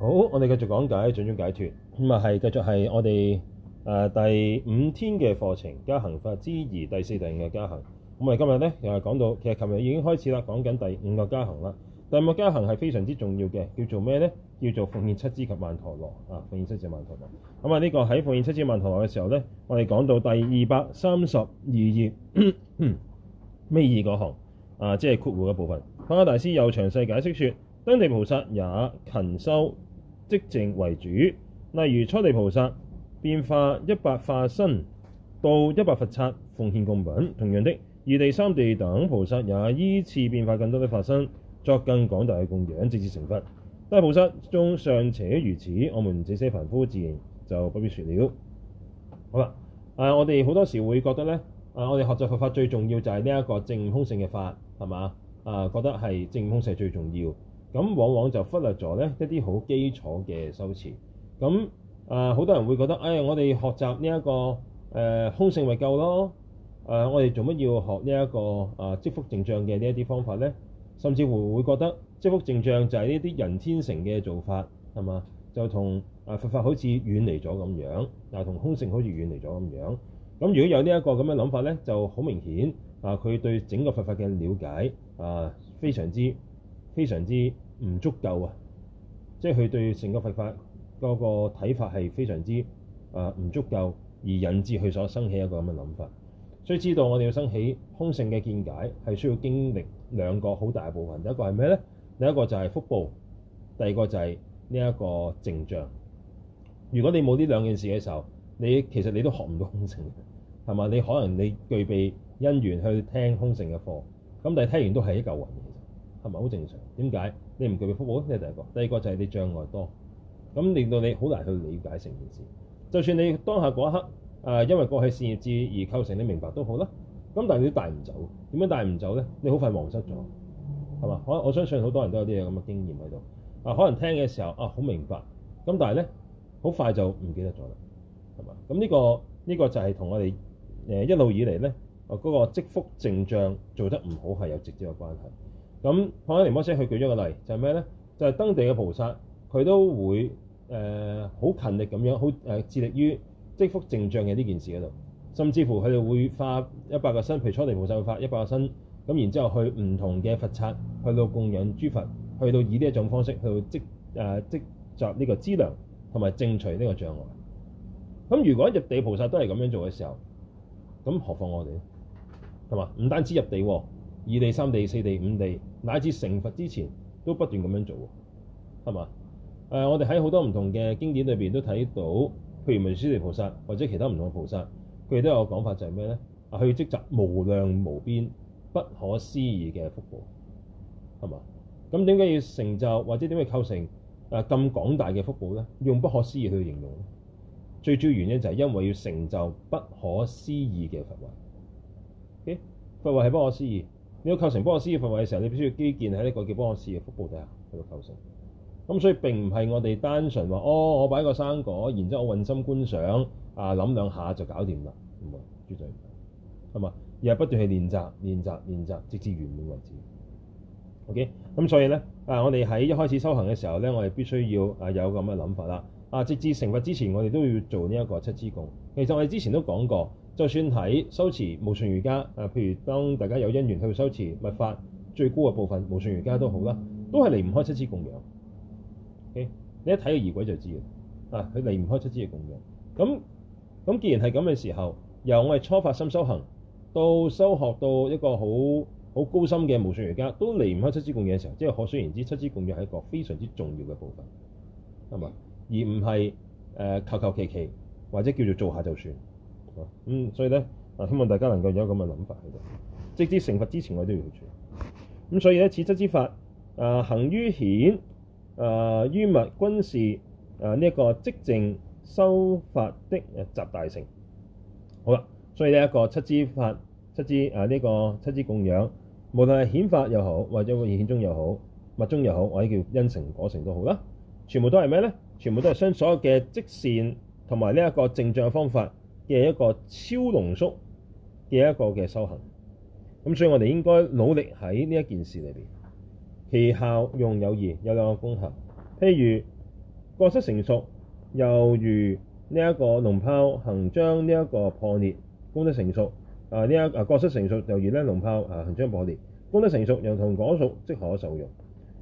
好，我哋繼續講解掌中解脫咁啊，係、嗯、繼續係我哋、呃、第五天嘅課程加行法之二第四第五嘅加行。咁咪今日咧又係講到，其實琴日已經開始啦，講緊第五個加行啦。第五個加行係非常之重要嘅，叫做咩咧？叫做奉獻七支及曼陀羅啊！奉獻七支曼陀羅。咁啊，呢個喺奉獻七支曼陀羅嘅時候咧，我哋講到第二百三十二頁咩頁嗰行啊，即係括弧嘅部分。帕繃喀大師又詳細解釋説：登地菩薩也勤修。積淨為主，例如初地菩薩變化一百化身到一百佛剎奉獻供品，同樣的二地、三地等菩薩也依次變化更多的化身，作更廣大嘅供養，直至成佛。大菩薩中尚且如此，我們這些凡夫自然就不必説了。好啦，誒、啊、我哋好多時會覺得呢，誒、啊、我哋學習佛法最重要就係呢一個證空性嘅法，係嘛？誒、啊、覺得係證空性最重要。咁往往就忽略咗咧一啲好基礎嘅修持。咁好、呃、多人會覺得，呀、哎、我哋學習呢、這、一個誒、呃、空性咪夠咯。呃、我哋做乜要學呢、這、一個誒積、呃、福淨障嘅呢一啲方法咧？甚至乎會覺得積福淨障就係呢啲人天成嘅做法，係嘛？就同誒佛法好似遠離咗咁樣，嗱同空性好似遠離咗咁樣。咁如果有、這個、呢一個咁嘅諗法咧，就好明顯啊！佢、呃、對整個佛法嘅了解啊、呃，非常之非常之。唔足夠啊！即係佢對成個佛法嗰個睇法係非常之啊，唔、呃、足夠，而引致佢所生起一個咁嘅諗法。所以知道我哋要生起空性嘅見解，係需要經歷兩個好大嘅部分。第一個係咩咧？第一個就係福報，第二個就係呢一個淨障。如果你冇呢兩件事嘅時候，你其實你都學唔到空性嘅，係咪？你可能你具備因緣去聽空性嘅課，咁但係聽完都係一嚿雲其實係咪好正常？點解？你唔具備福報咧，第一個；第二個就係你障礙多，咁令到你好難去理解成件事。就算你當下嗰一刻、呃、因為過去善業資而構成你明白都好啦。咁但係你帶唔走，點樣帶唔走咧？你好快忘失咗，係嘛？我我相信好多人都有啲嘢咁嘅經驗喺度。啊，可能聽嘅時候啊，好明白，咁但係咧，好快就唔記得咗啦，係嘛？咁呢、這個呢、這個就係同我哋、呃、一路以嚟咧，嗰、那個積福淨障做得唔好係有直接嘅關係。咁《破埃尼摩西》去舉咗個例就係咩咧？就係、是就是、登地嘅菩薩，佢都會誒好、呃、勤力咁樣，好、呃、致力於積福淨障嘅呢件事喺度。甚至乎佢哋會化一百個身，譬如初地菩薩會化一百個身，咁然之後去唔同嘅佛剎，去到供養諸佛，去到以呢一種方式去到積誒、呃、集呢個資糧同埋淨除呢個障礙。咁如果入地菩薩都係咁樣做嘅時候，咁何況我哋咧？係嘛？唔單止入地喎。二地、三地、四地、五地，乃至成佛之前，都不斷咁樣做，係嘛？誒、呃，我哋喺好多唔同嘅經典裏邊都睇到，譬如文殊地菩薩或者其他唔同嘅菩薩，佢哋都有個講法就是什麼呢，就係咩咧？啊，去積集無量無邊、不可思議嘅福報，係嘛？咁點解要成就或者點解構成誒咁廣大嘅福報咧？用不可思議去形容咧，最主要原因就係因為要成就不可思議嘅佛話。咦、欸？佛話係不可思議。要構成幫我斯尼佛慧嘅時候，你必須要基建喺呢個叫我斯尼腹部底下去到構成。咁所以並唔係我哋單純話哦，我擺個生果，然之後我運心觀想啊，諗兩下就搞掂啦。唔係絕對，係嘛？而係不斷去練習、練習、練習，直至完滿為止。OK，咁所以咧啊，我哋喺一開始修行嘅時候咧，我哋必須要啊有咁嘅諗法啦。啊，直至成佛之前，我哋都要做呢一個七支供。其實我哋之前都講過。就算喺修持無上瑜伽啊，譬如當大家有因緣去修持密法最高嘅部分無上瑜伽都好啦，都係離唔開七支供養。Okay? 你一睇個儀軌就知道啊，佢離唔開七支嘅供養。咁咁既然係咁嘅時候，由我係初發心修行到修學到一個好好高深嘅無上瑜伽，都離唔開七支供養嘅時候，即係可想而知，七支供養係一個非常之重要嘅部分，係咪？而唔係誒求求其其或者叫做做下就算。嗯，所以咧啊，希望大家能夠有咁嘅諗法喺度，直至成佛之前我，我都要做咁。所以咧，此七支之法啊，行於顯啊，於密均是啊呢一個積淨修法的集大成。好啦，所以呢一、呃呃呃這個七支呢七支法、七支啊呢、這個七支供養，無論係顯法又好，或者個顯宗又好、密宗又好，或者叫因成果成都好啦，全部都係咩咧？全部都係將所有嘅積善同埋呢一個淨障嘅方法。嘅一個超濃縮嘅一個嘅修行，咁所以我哋應該努力喺呢一件事裏邊，其效用有二，有兩個功效。譬如過失成，成，、啊、成，成熟，猶如呢一個膿包行將呢一個破裂，功德成熟啊呢一個過失成熟猶如呢膿包啊行將破裂，功德成熟又同果實即可受用。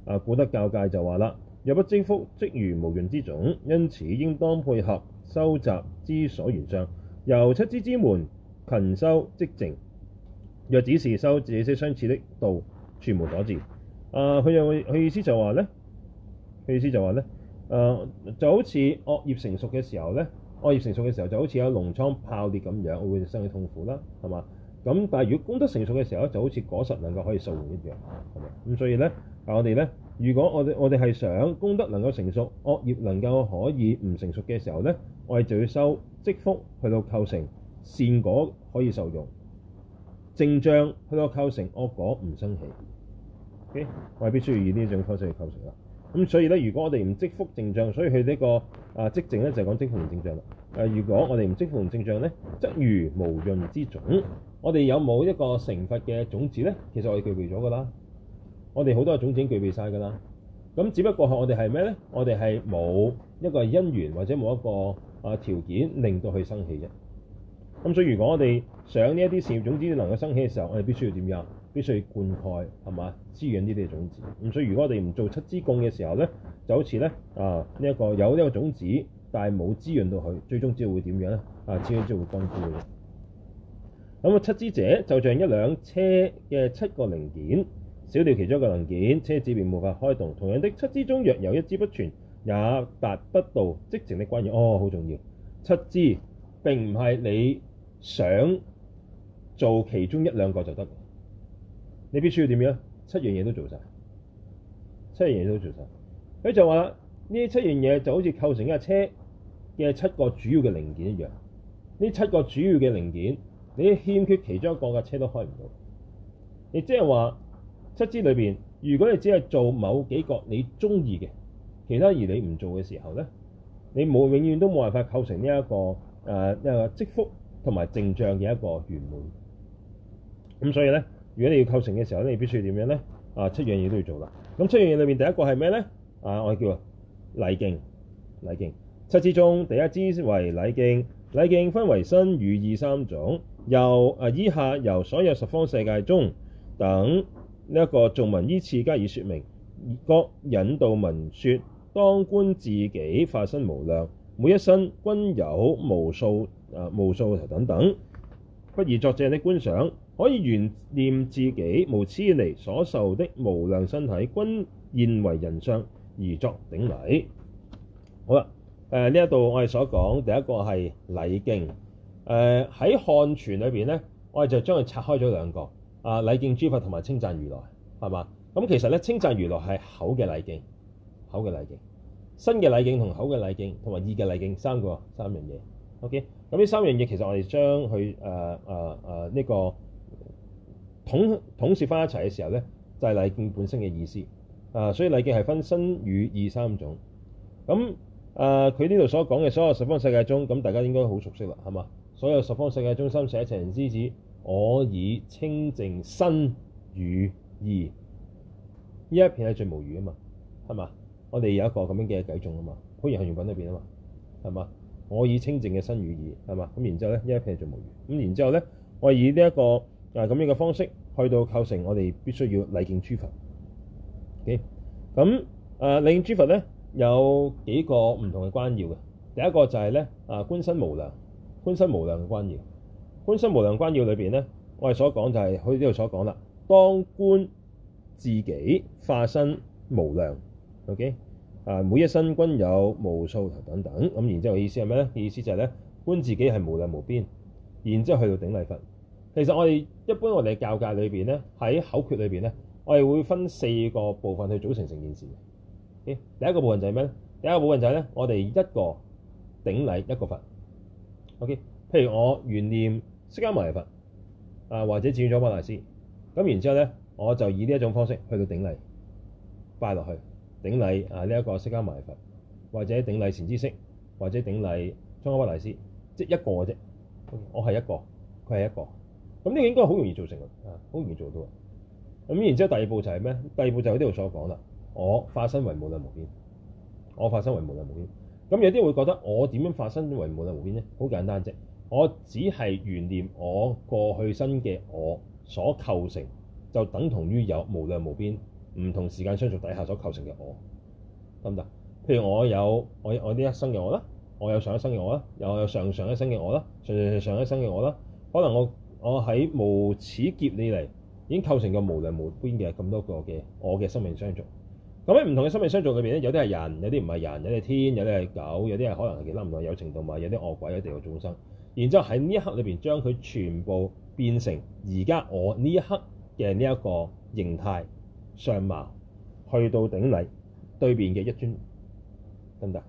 啊，古德教界就話啦，若不積福，即如無潤之種，因此應當配合收集之所緣相。由七支之門勤修積淨，若只是修這些相似的道，全無所至。啊、呃，佢又佢意思就話咧，佢意思就話咧，誒、呃、就好似惡業成熟嘅時候咧，惡業成熟嘅時候就好似有膿瘡爆裂咁樣，會生起痛苦啦，係嘛？咁但係如果功德成熟嘅時候咧，就好似果實能夠可以受用一樣，係咪？咁所以咧，啊我哋咧。如果我哋我哋係想功德能夠成熟，惡業能夠可以唔成熟嘅時候咧，我哋就要收積福去到構成善果可以受用，淨障去到構成惡果唔生起。Okay? 我哋必須要以，以呢一種方式去構成啦。咁所以咧，如果我哋唔積福淨障，所以佢、這個啊、呢個啊、就是、積淨咧就係講積福同淨障啦。誒、啊，如果我哋唔積福唔淨障咧，則如無潤之種。我哋有冇一個成佛嘅種子咧？其實我哋具備咗㗎啦。我哋好多嘅種子已經具備晒噶啦，咁只不過係我哋係咩咧？我哋係冇一個因緣或者冇一個啊，條件令到佢生起嘅。咁所以如果我哋想呢一啲事業種子能夠生起嘅時候，我哋必須要點樣？必須要灌溉係嘛？滋潤呢啲嘅種子。咁所以如果我哋唔做七支供嘅時候咧，就好似咧啊，呢一個有呢個種子，但係冇滋潤到佢，最終只會點樣咧？啊，最終只會乾枯嘅。咁啊，七支者就像一輛車嘅七個零件。少掉其中一個零件，車子便無法開動。同樣的，七支中若有一支不全，也達不到積淨的關要。哦，好重要！七支並唔係你想做其中一兩個就得，你必須要點樣？七樣嘢都做晒，七樣嘢都做晒。佢就話呢七樣嘢就好似構成一架車嘅七個主要嘅零件一樣。呢七個主要嘅零件，你欠缺其中一個架車都開唔到。亦即係話。七支裏邊，如果你只係做某幾個你中意嘅，其他而你唔做嘅時候咧，你冇永遠都冇辦法構成呢一個誒、呃、一個積福同埋淨障嘅一個圓滿。咁所以咧，如果你要構成嘅時候，你必須點樣咧？啊，七樣嘢都要做啦。咁七樣嘢裏邊第一個係咩咧？啊，我係叫啊禮敬。禮敬七支中第一支為禮敬。禮敬，分為身、語、意三種。由啊以下由所有十方世界中等。呢一個頌文依次加以説明，各引導文説，當觀自己化身無量，每一身均有無數誒、啊、無數頭等等，不宜作這樣的觀想，可以懸念自己無始以來所受的無量身體，均現為人相而作頂禮。好啦，誒呢一度我哋所講第一個係禮敬，誒喺漢傳裏邊呢，我哋就將佢拆開咗兩個。啊！禮敬諸佛同埋稱讚如來，係嘛？咁其實咧，稱讚如來係口嘅禮敬，口嘅禮敬，身嘅禮敬同口嘅禮敬同埋意嘅禮敬，三個三樣嘢。OK，咁呢三樣嘢其實我哋將佢誒誒誒呢個統統攝翻一齊嘅時候咧，就係、是、禮敬本身嘅意思。啊，所以禮敬係分身與意三種。咁啊，佢呢度所講嘅所有十方世界中，咁大家應該好熟悉啦，係嘛？所有十方世界中，三世一切人師子，我以清淨身語意，呢一片係最無餘啊嘛，係嘛？我哋有一個咁樣嘅計縱啊嘛，好似日用品裏邊啊嘛，係嘛？我以清淨嘅身語意，係嘛？咁然之後咧，呢一片係最無餘。咁然之後咧，我以呢、這、一個啊咁樣嘅方式去到構成我哋必須要禮敬諸佛。O K，咁啊禮敬諸佛咧，有幾個唔同嘅關要嘅。第一個就係、是、咧啊觀身無量，觀身無量嘅關要。本身無量關要裏邊咧，我哋所講就係好似呢度所講啦。當觀自己化身無量，OK 啊，每一身均有無數頭等等咁。然之後意思係咩咧？意思就係、是、咧，觀自己係無量無邊。然之後去到頂禮佛。其實我哋一般我哋教界裏邊咧，喺口訣裏邊咧，我哋會分四個部分去組成成件事嘅、OK？第一個部分就係咩咧？第一個部分就係咧，我哋一個頂禮一個佛，OK。譬如我懸念，釋迦牟尼佛啊，或者宗喀巴大師，咁然之後咧，我就以呢一種方式去到頂禮拜落去頂禮啊呢一個釋迦牟尼佛，或者頂禮善知識，或者頂禮宗喀巴大師，即一個嘅啫。我係一個，佢係一個。咁呢個應該好容易做成啊，好容易做到㗎。咁然之後第二步就係咩？第二步就喺呢度所講啦。我化身為無量無邊，我化身為無量無邊。咁有啲會覺得我點樣化身為無量無邊咧？好簡單啫。我只係懸念我過去生嘅我所構成，就等同於有無量無邊唔同時間相續底下所構成嘅我，得唔得？譬如我有我我呢一生嘅我啦，我有上一生嘅我啦，有有上上一生嘅我啦，我上，上，我上，上上上上一生嘅我啦。可能我我喺無始劫嚟嚟已經構成個無量無邊嘅咁多個嘅我嘅生命相續。咁喺唔同嘅生命相續裏面，咧，有啲係人，有啲唔係人，有啲係天，有啲係狗，有啲係可能係冧唔耐有情動物，有啲惡鬼，有啲有地獄眾生。然之後喺呢一刻裏邊將佢全部變成而家我呢一刻嘅呢一個形態相貌，去到頂禮對面嘅一尊，得唔得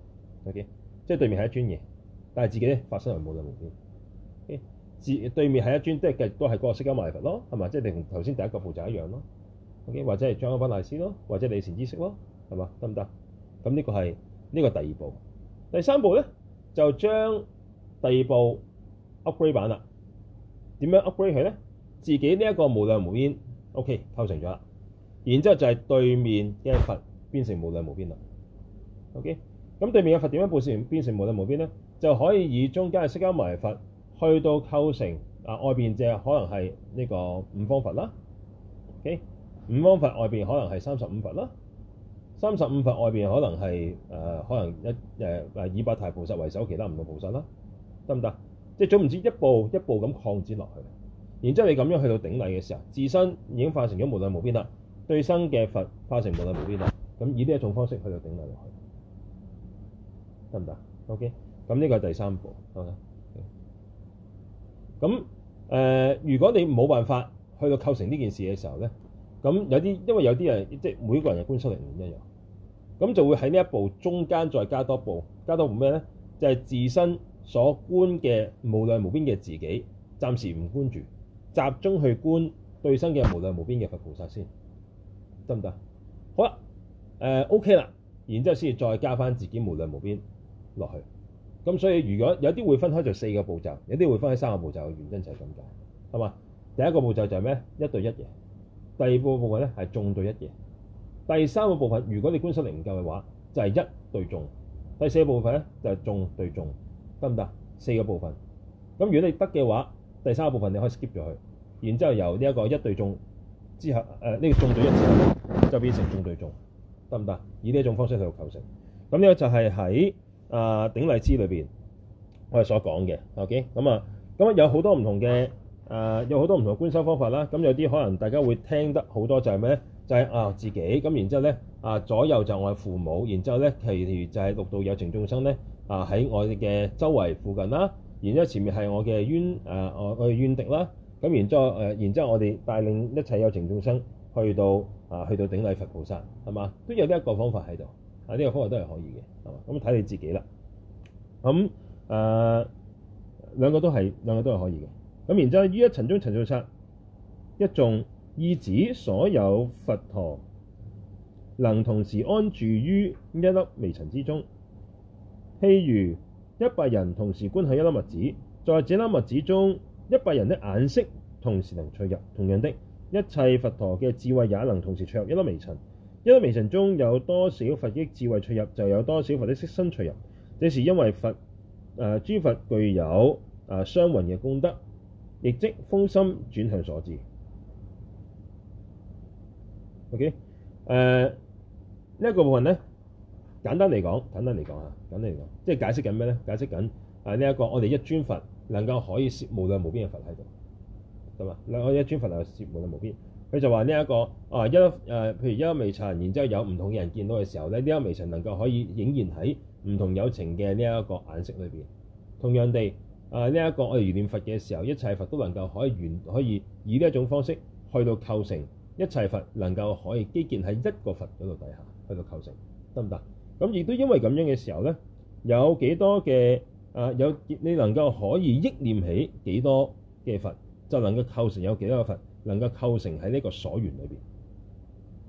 ？OK，即係對面係一尊嘢，但係自己咧發生係冇任何嘅。OK，自對面係一尊都係，都係嗰個釋迦牟尼佛咯，係咪？即係同頭先第一個步驟一樣咯。OK，或者係宗喀巴大師咯，或者你善知識咯，係嘛？得唔得？咁呢個係呢個第二步，第三步咧就將第二步，upgrade 版啦，點樣 upgrade 佢咧？自己呢一個無量無邊，OK 構成咗啦。然之後就係對面嘅佛變成無量無邊啦。OK，咁對面嘅佛點樣部署變成無量無邊咧？就可以以中間嘅釋迦牟尼佛去到構成啊、呃，外邊就可能係呢個五方佛啦。OK，五方佛外邊可能係三十五佛啦，三十五佛外邊可能係誒、呃、可能一誒誒、呃、以八大菩薩為首，其他唔同菩薩啦，得唔得？即係總唔止一步一步咁擴展落去，然之後你咁樣去到頂禮嘅時候，自身已經化成咗無量無邊啦，對生嘅佛化成無量無邊啦，咁以呢一種方式去到頂禮落去，得唔得？OK，咁呢個係第三步，好唔好？咁、呃、誒，如果你冇辦法去到構成呢件事嘅時候咧，咁有啲因為有啲人即係每個人嘅觀修力唔一樣，咁就會喺呢一步中間再加多步，加多步咩咧？就係、是、自身。所觀嘅無量無邊嘅自己，暫時唔觀住，集中去觀對生嘅無量無邊嘅佛菩薩先，得唔得？好啦，誒 O K 啦，然之後先至再加翻自己無量無邊落去。咁所以如果有啲會分開就四個步驟，有啲會分開三個步驟嘅原因就係咁解，係嘛？第一個步驟就係咩？一對一嘅。第二個部分咧，係眾對一嘅。第三個部分，如果你觀心力唔夠嘅話，就係、是、一對眾。第四個部分咧，就係、是、眾對眾。得唔得？四個部分，咁如果你得嘅話，第三個部分你可以 skip 咗佢，然之後由呢一個一對中之後，誒呢個中對一之後就變成中對中，得唔得？以呢一種方式去到構成，咁呢個就係喺啊頂禮支裏面我哋所講嘅，OK？咁啊，咁啊有好多唔同嘅，誒、呃、有好多唔同嘅觀修方法啦。咁有啲可能大家會聽得好多就係咩咧？就係、是、啊自己，咁然之後咧啊左右就我係父母，然之後咧其餘就係六道有情眾生咧。啊！喺我哋嘅周圍附近啦，然之後前面係我嘅冤誒，我我嘅怨敵啦，咁然之後誒，然之後我哋帶領一切有情眾生去到啊，去到頂禮佛菩薩，係嘛？都有呢一個方法喺度，啊，呢個方法都係可以嘅，係嘛？咁睇你自己啦。咁、嗯、誒，兩、呃、個都係兩個都係可以嘅。咁然之後呢，一塵中塵數佛，一頌，意指所有佛陀能同時安住於一粒微塵之中。譬如一百人同時觀看一粒麥子，在這粒麥子中，一百人的眼識同時能趣入，同樣的，一切佛陀嘅智慧也能同時趣入一粒微塵，一粒微塵中有多少佛嘅智慧趣入，就有多少佛的色身趣入。這是因為佛誒、呃、諸佛具有誒、呃、雙運嘅功德，亦即風心轉向所致。OK 誒呢一個部分呢。簡單嚟講，簡單嚟講吓，簡單嚟講，即係解釋緊咩咧？解釋緊啊！呢一個我哋一尊佛能夠可以攝無量無邊嘅佛喺度，咁啊，我一尊佛能夠攝無量無邊。佢就話呢一個啊一譬如一個微塵，然之後有唔同嘅人見到嘅時候咧，呢一微塵能夠可以影現喺唔同有情嘅呢一個眼識裏面。同樣地，啊呢一個我哋如念佛嘅時候，一切佛都能夠可以原可以以呢一種方式去到構成一切佛能夠可以基建喺一個佛嗰度底下去到構成，得唔得？咁亦都因為咁樣嘅時候咧，有幾多嘅誒，有你能夠可以憶念起幾多嘅佛，就能夠構成有幾多嘅佛，能夠構成喺呢個所緣裏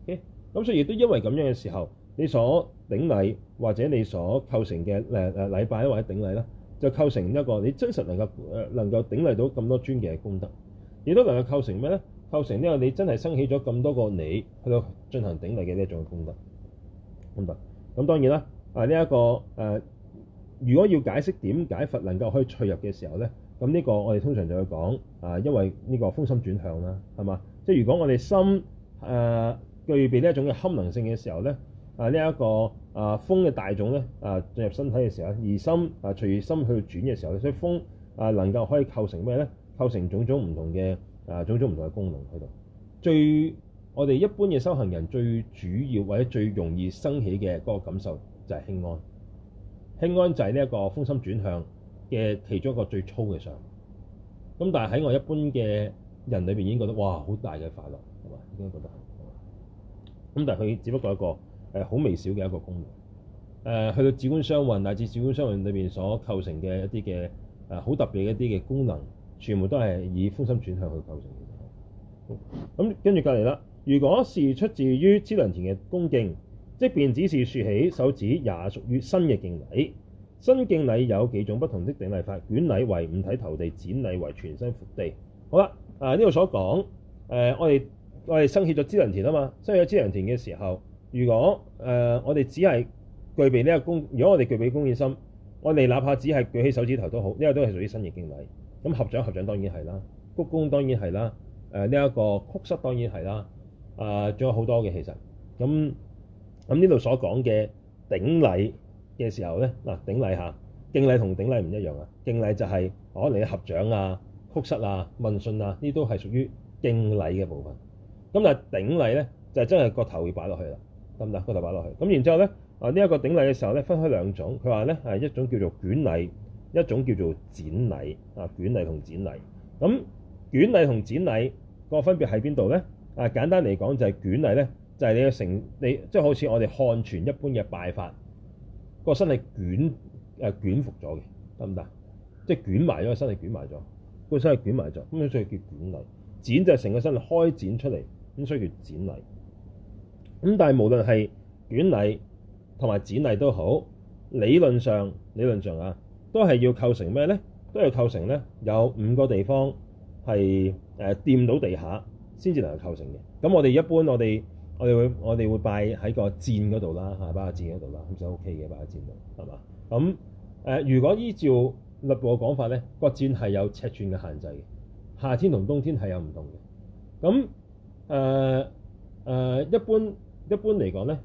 面。咁、okay? 所以亦都因為咁樣嘅時候，你所頂禮或者你所構成嘅誒禮拜或者頂禮咧，就構成一個你真實能夠誒能夠頂禮到咁多尊嘅功德。亦都能夠構成咩咧？構成呢個你真係生起咗咁多個你去到進行頂禮嘅呢一種功德功德。咁當然啦，啊呢一、這個誒、啊，如果要解釋點解佛能夠可以趣入嘅時候咧，咁呢個我哋通常就會講啊，因為呢個風心轉向啦，係嘛？即、就、係、是、如果我哋心誒、啊、具備呢一種嘅堪能性嘅時候咧，啊，、這個、啊呢一個啊風嘅大種咧啊進入身體嘅時候，而心啊隨心去轉嘅時候咧，所以風啊能夠可以構成咩咧？構成種種唔同嘅啊種種唔同嘅功能喺度。最我哋一般嘅修行人最主要或者最容易升起嘅嗰個感受就係輕安，輕安就係呢一個風心轉向嘅其中一個最粗嘅相。咁但係喺我一般嘅人裏邊已經覺得哇，好大嘅快樂，係嘛已經覺得好。係咁但係佢只不過一個誒好微小嘅一個功能。誒、呃、去到止觀雙運，乃至止觀雙運裏邊所構成嘅一啲嘅誒好特別嘅一啲嘅功能，全部都係以風心轉向去構成嘅。咁、嗯、跟住隔籬啦。如果是出自於資糧田嘅恭敬，即便只是豎起手指，也屬於身嘅敬禮。身敬禮有幾種不同的頂禮法，蜷禮為五體投地，展禮為全身仆地。好啦，誒呢度所講，誒、呃、我哋我哋生起咗資糧田啊嘛，生起咗資糧田嘅時候，如果誒、呃、我哋只係具備呢個恭，如果我哋具備恭敬心，我哋哪怕只係舉起手指頭都好，呢個都係屬於身嘅敬禮。咁合掌合掌當然係啦，鞠躬當然係啦，誒呢一個屈膝當然係啦。啊，仲有好多嘅其實，咁咁呢度所講嘅頂禮嘅時候咧，嗱、啊、頂禮嚇，敬禮同頂禮唔一樣啊！敬禮就係我哋嘅合掌啊、曲膝啊、問訊啊，呢都係屬於敬禮嘅部分。咁但係頂禮咧，就係真係個頭要擺落去啦，得唔得？個頭擺落去。咁然之後咧，啊呢一、這個頂禮嘅時候咧，分開兩種。佢話咧，係一種叫做蜷禮，一種叫做展禮。啊，蜷禮同展禮，咁蜷禮同展禮個分別喺邊度咧？啊！簡單嚟講，就係蜷禮咧，就係你嘅成你即係好似我哋漢傳一般嘅拜法，個身係捲誒、啊、捲伏咗嘅，得唔得？即係捲埋咗，個身係捲埋咗，個身係捲埋咗，咁所以叫蜷禮。展就係成個身係開展出嚟，咁所以叫展禮。咁但係無論係蜷禮同埋展禮都好，理論上，理論上啊，都係要構成咩咧？都要構成咧有五個地方係誒掂到地下。先至能夠構成嘅。咁我哋一般我哋我哋會我哋會拜喺個箭嗰度啦，嚇，擺個箭嗰度啦，咁就 OK 嘅，擺個箭度，係嘛？咁誒、呃，如果依照律部嘅講法咧，個箭係有尺寸嘅限制嘅。夏天同冬天係有唔同嘅。咁誒誒，一般一般嚟講咧，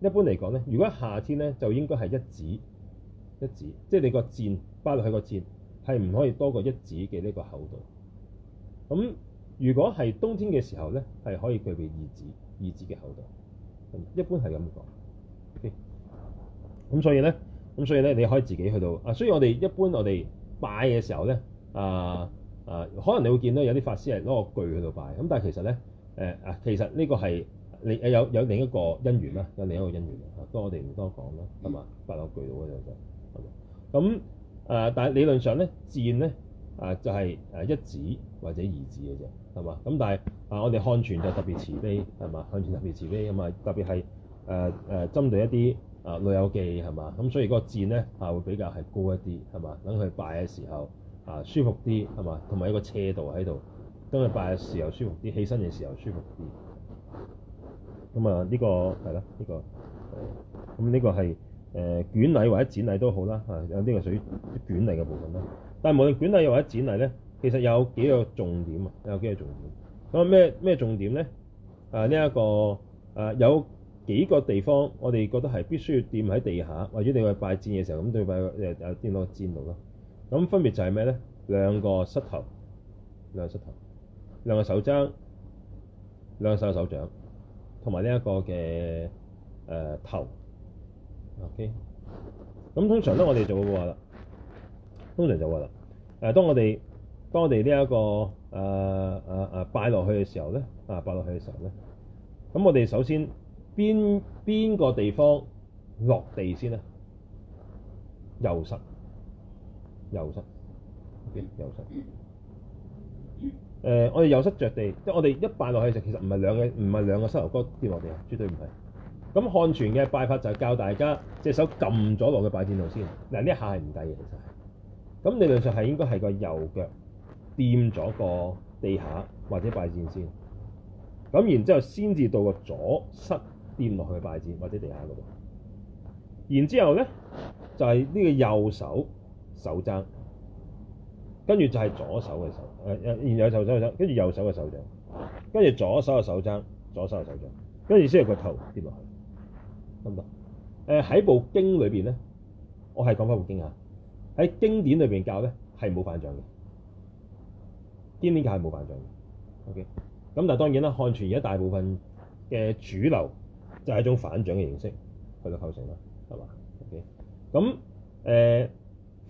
一般嚟講咧，如果夏天咧就應該係一指一指，即係、就是、你個箭擺落去個箭係唔可以多過一指嘅呢個厚度。咁如果係冬天嘅時候咧，係可以具備意志。意志嘅厚度，一般係咁講。咁、okay? 所以咧，咁所以咧，你可以自己去到啊。所以我哋一般我哋拜嘅時候咧，啊啊，可能你會見到有啲法師係攞個具去到拜。咁、啊、但係其實咧，誒啊，其實呢個係你有有另一個因緣啦，有另一個因緣啊，所以我哋唔多講啦，係嘛，擺落具度嘅就就係咁誒，但係理論上咧，自然咧。誒、啊、就係、是、誒一指或者二指嘅啫，係嘛？咁但係啊，我哋漢傳就特別慈悲，係嘛？漢傳特別慈悲咁啊，特別係誒誒針對一啲啊老友記，係嘛？咁所以嗰個墊咧啊會比較係高一啲，係嘛？等佢拜嘅時候啊舒服啲，係嘛？同埋一個斜度喺度，等佢拜嘅時候舒服啲，起身嘅時候舒服啲。咁啊，呢、這個係啦，呢、這個咁呢、呃、個係。誒、呃、蜷禮或者展禮都好啦，啊有啲係屬於蜷禮嘅部分啦。但無論蜷禮又或者展禮咧，其實有幾個重點啊，有幾個重點。咁咩咩重點咧？誒呢一個誒、啊、有幾個地方，我哋覺得係必須要掂喺地下，或者你去拜展嘅時候咁，都要拜誒有啲攞個展度咯。咁分別就係咩咧？兩個膝頭，兩個膝頭，兩個手踭，兩個手手掌，同埋呢一個嘅誒、呃、頭。O K，咁通常咧，我哋就會話啦，通常就會話啦，誒，當我哋當我哋呢一個誒誒拜落去嘅時候咧，啊，拜落去嘅時候咧，咁、啊、我哋首先邊，邊個地方落地先啊？右膝，右膝，右膝。誒，我哋右膝著地，即係我哋一拜落去嘅時候，其實唔係兩個唔係兩個膝頭哥跌落地啊，絕對唔係。咁漢傳嘅拜法就係教大家隻手撳咗落去拜戰度先。嗱，呢下係唔計嘅，其實係咁，理論上係應該係個右腳掂咗個地下或者拜戰先。咁然之後先至到個左膝掂落去拜戰或者地下嗰度。然之後咧就係呢個右手手踭，跟住就係左手嘅手誒誒，然後右手嘅手，跟住右手嘅手掌，跟住左手嘅手踭，左手嘅手掌，跟住先個頭跌落去。差唔多，誒喺部經裏邊咧，我係講翻部經啊！喺經典裏邊教咧，係冇反掌嘅。經典教係冇反掌嘅。O.K.，咁但係當然啦，漢傳而家大部分嘅主流就係一種反掌嘅形式去到構成啦，係嘛？O.K.，咁誒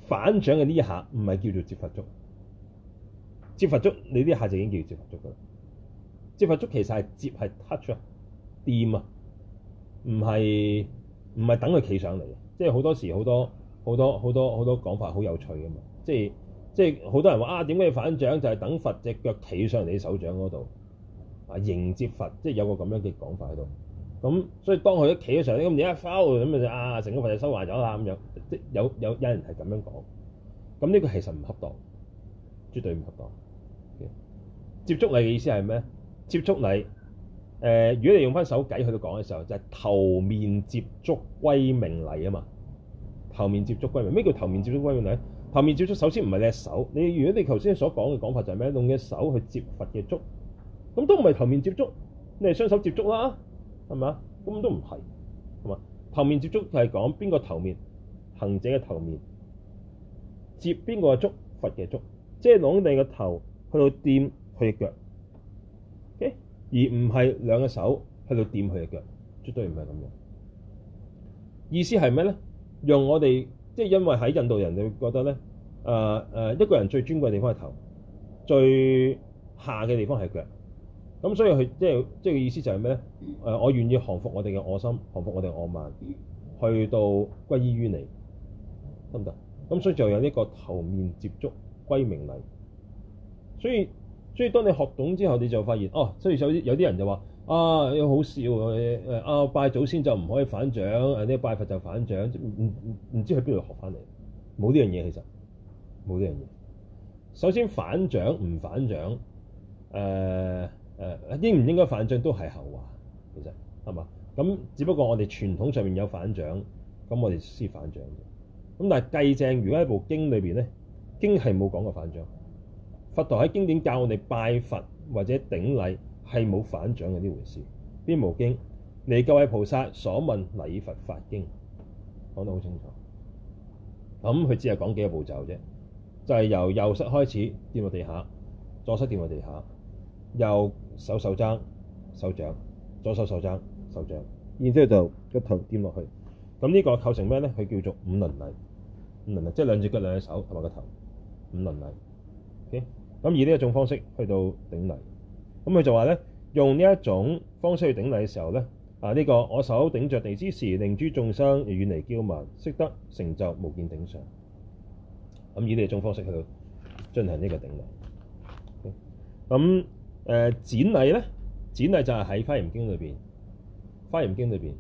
反掌嘅呢一下唔係叫做接佛足，接佛足你呢一下就已經叫做接佛足㗎啦。接佛足其實係接係 touch 啊，掂啊。唔係唔係等佢企上嚟，即係好多時好多好多好多好多講法好有趣嘅嘛，即係即係好多人話啊，點解要反掌就係、是、等佛隻腳企上嚟你手掌嗰度啊，迎接佛，即係有個咁樣嘅講法喺度。咁所以當佢一企咗上咧，咁你一踫咁，咪啊成個佛就收壞咗啦咁樣，即有有有人係咁樣講。咁呢個其實唔恰當，絕對唔恰當。接觸你嘅意思係咩？接觸你。誒、呃，如果你用翻手偈去到講嘅時候，就係、是、頭面接觸歸命禮啊嘛。頭面接觸歸命，咩叫頭面接觸歸命禮咧？頭面接觸首先唔係你隻手，你如果你頭先所講嘅講法就係咩？用隻手去接佛嘅足，咁都唔係頭面接觸，你係雙手接觸啦，係咪啊？咁都唔係，係嘛？頭面接觸就係講邊個頭面，行者嘅頭面接邊個嘅足，佛嘅足，即係攞你個頭去到掂佢嘅腳。而唔係兩隻手喺度掂佢隻腳，絕對唔係咁樣。意思係咩咧？用我哋即係因為喺印度人你會覺得咧，誒、呃、誒、呃，一個人最尊貴地方係頭，最下嘅地方係腳。咁所以佢即係即係意思就係咩咧？誒、呃，我願意降服我哋嘅我心，降服我哋嘅我慢，去到歸依於你，得唔得？咁所以就有呢個頭面接觸，歸命禮。所以。所以當你學懂之後，你就發現哦，所以有啲有啲人就話啊，又好笑，誒、啊、誒，我拜祖先就唔可以反掌，誒你拜佛就反掌，唔唔唔知喺邊度學翻嚟？冇呢樣嘢，其實冇呢樣嘢。首先反掌唔反掌，誒、呃、誒、呃、應唔應該反掌都係後話，其實係嘛？咁只不過我哋傳統上面有反掌，咁我哋先反掌嘅。咁但係積淨，如果喺部經裏邊咧，經係冇講過反掌。佛陀喺經典教我哋拜佛或者頂禮係冇反掌嘅呢回事。《邊無經》你各位菩薩所問禮佛法經講得好清楚。咁、嗯、佢只係講幾個步驟啫，就係、是、由右膝開始掂落地下，左膝掂落地下，右手手踭手掌，左手手踭手掌，然之後就個頭掂落去。咁、嗯、呢個構成咩咧？佢叫做五輪禮，五輪禮即係兩隻腳兩隻手同埋個頭五輪禮。O K。咁以呢一種方式去到頂禮，咁、嗯、佢就話咧，用呢一種方式去頂禮嘅時候咧，啊呢、這個我手頂着地之時，令諸眾生而遠離驕慢，識得成就無見頂上。咁、嗯、以呢一種方式去到進行呢個頂禮。咁、嗯、誒、呃、展禮咧，展禮就係喺《華嚴經》裏邊，《華嚴經》裏邊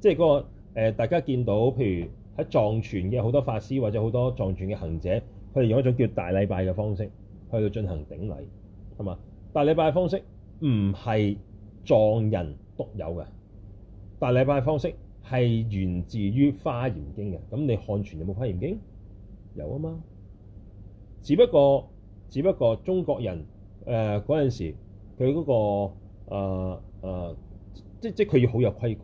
即係嗰、那個、呃、大家見到譬如喺藏傳嘅好多法師或者好多藏傳嘅行者，佢哋用一種叫大禮拜嘅方式。去到進行頂禮，係嘛？但係禮拜方式唔係藏人獨有嘅，但係禮拜方式係源自於《華嚴經》嘅。咁你漢傳有冇《華嚴經》？有啊嘛。只不過，只不過中國人誒嗰陣時佢嗰、嗰個誒誒、呃呃，即即佢要好有規矩，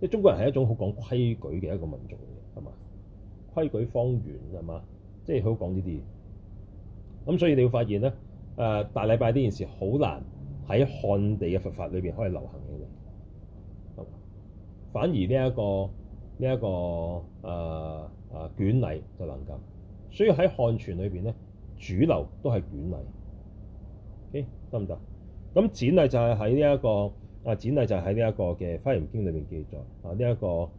即中國人係一種好講規矩嘅一個民族嚟嘅，係嘛？規矩方圓係嘛？即係好講呢啲。咁所以你要發現咧，誒、呃、大禮拜呢件事好難喺漢地嘅佛法裏邊可以流行起嚟，反而呢、這、一個呢一、這個誒誒、呃、蜷禮就能夠，所以喺漢傳裏邊咧，主流都係蜷禮。OK 得唔得？咁展禮就係喺呢一個啊，展禮就係喺呢一個嘅《華嚴經》裏邊記載啊，呢、這、一個誒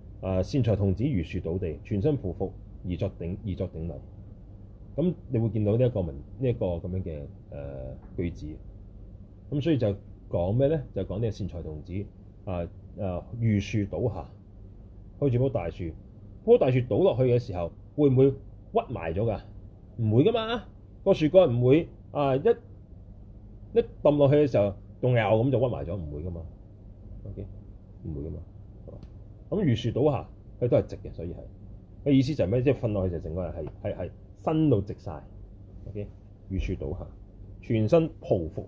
善財童子如樹倒地，全身匍匐而作頂而作頂禮。咁、嗯、你會見到呢一個文呢一、這個咁樣嘅誒、呃、句子。咁、嗯、所以就講咩咧？就講呢個善財童子啊啊！如、啊、樹倒下，開住棵大樹，棵大樹倒落去嘅時候，會唔會屈埋咗㗎？唔會㗎嘛，個樹幹唔會啊一一揼落去嘅時候，仲拗咁就屈埋咗，唔會㗎嘛。O K，唔會㗎嘛。咁如、嗯、樹倒下，佢都係直嘅，所以係佢意思就係咩？即係瞓落去就成個人係係係。身到直晒，o k 遇處倒下，全身匍匐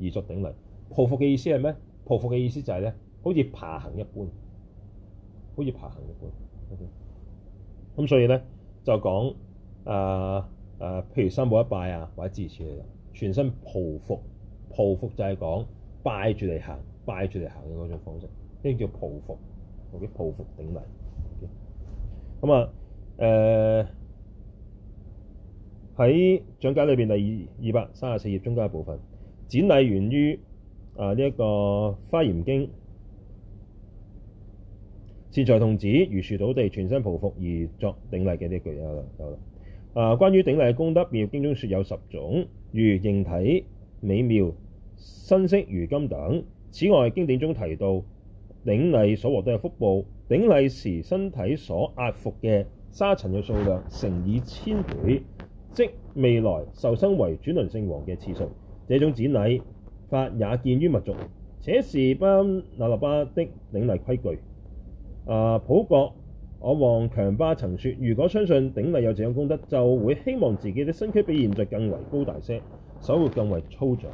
而作頂禮。匍匐嘅意思係咩？匍匐嘅意思就係、是、咧，好似爬行一般，好似爬行一般。OK，咁所以咧就講誒誒，譬如三步一拜啊，或者諸如嚟類，全身匍匐，匍匐就係講拜住嚟行，拜住嚟行嘅嗰種方式，呢叫匍匐，或者匍匐頂禮。咁啊誒。呃喺《在掌解》裏邊第二二百三十四頁中間嘅部分，展禮源於啊呢一、這個《華嚴經》，善財童子如樹倒地全身匍匐而作頂禮嘅呢句有啦，有啦。啊，關於頂禮嘅功德，佛教經中説有十種，如形體美妙、身色如金等。此外，經典中提到頂禮所獲得嘅福報，頂禮時身體所壓服嘅沙塵嘅數量乘以千倍。即未來受生為轉輪聖王嘅次數，這種展禮法也見於密續，且是班那若巴的頂禮規矩。啊，普覺，昂旺強巴曾說：如果相信頂禮有這種功德，就會希望自己的身軀比現在更為高大些，手會更為粗壯。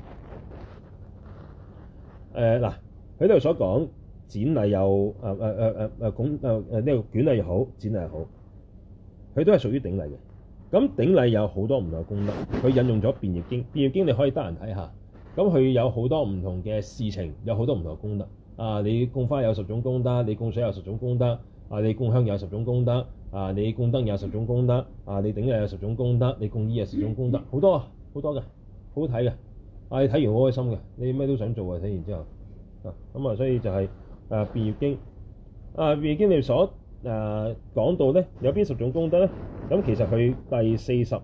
誒、啊、嗱，佢呢度所講展禮有誒誒誒誒誒講誒誒，呢個蜷禮又好，展禮又好，佢都係屬於頂禮嘅。咁頂禮有好多唔同嘅功德，佢引用咗《辨業經》，《辨業經》你可以得閒睇下。咁佢有好多唔同嘅事情，有好多唔同嘅功德。啊，你供花有十種功德，你供水有十種功德，啊，你供香有十種功德，啊，你供燈有、啊、有十種功德，啊，你頂禮有十種功德，你供衣有十種功德，好多好多嘅，好好睇嘅。啊，你睇完好開心嘅，你咩都想做啊！睇完之後，啊，咁啊，所以就係誒《辨業經》啊，誒《辨業經》你所。誒講、啊、到咧，有邊十種功德咧？咁其實佢第四十二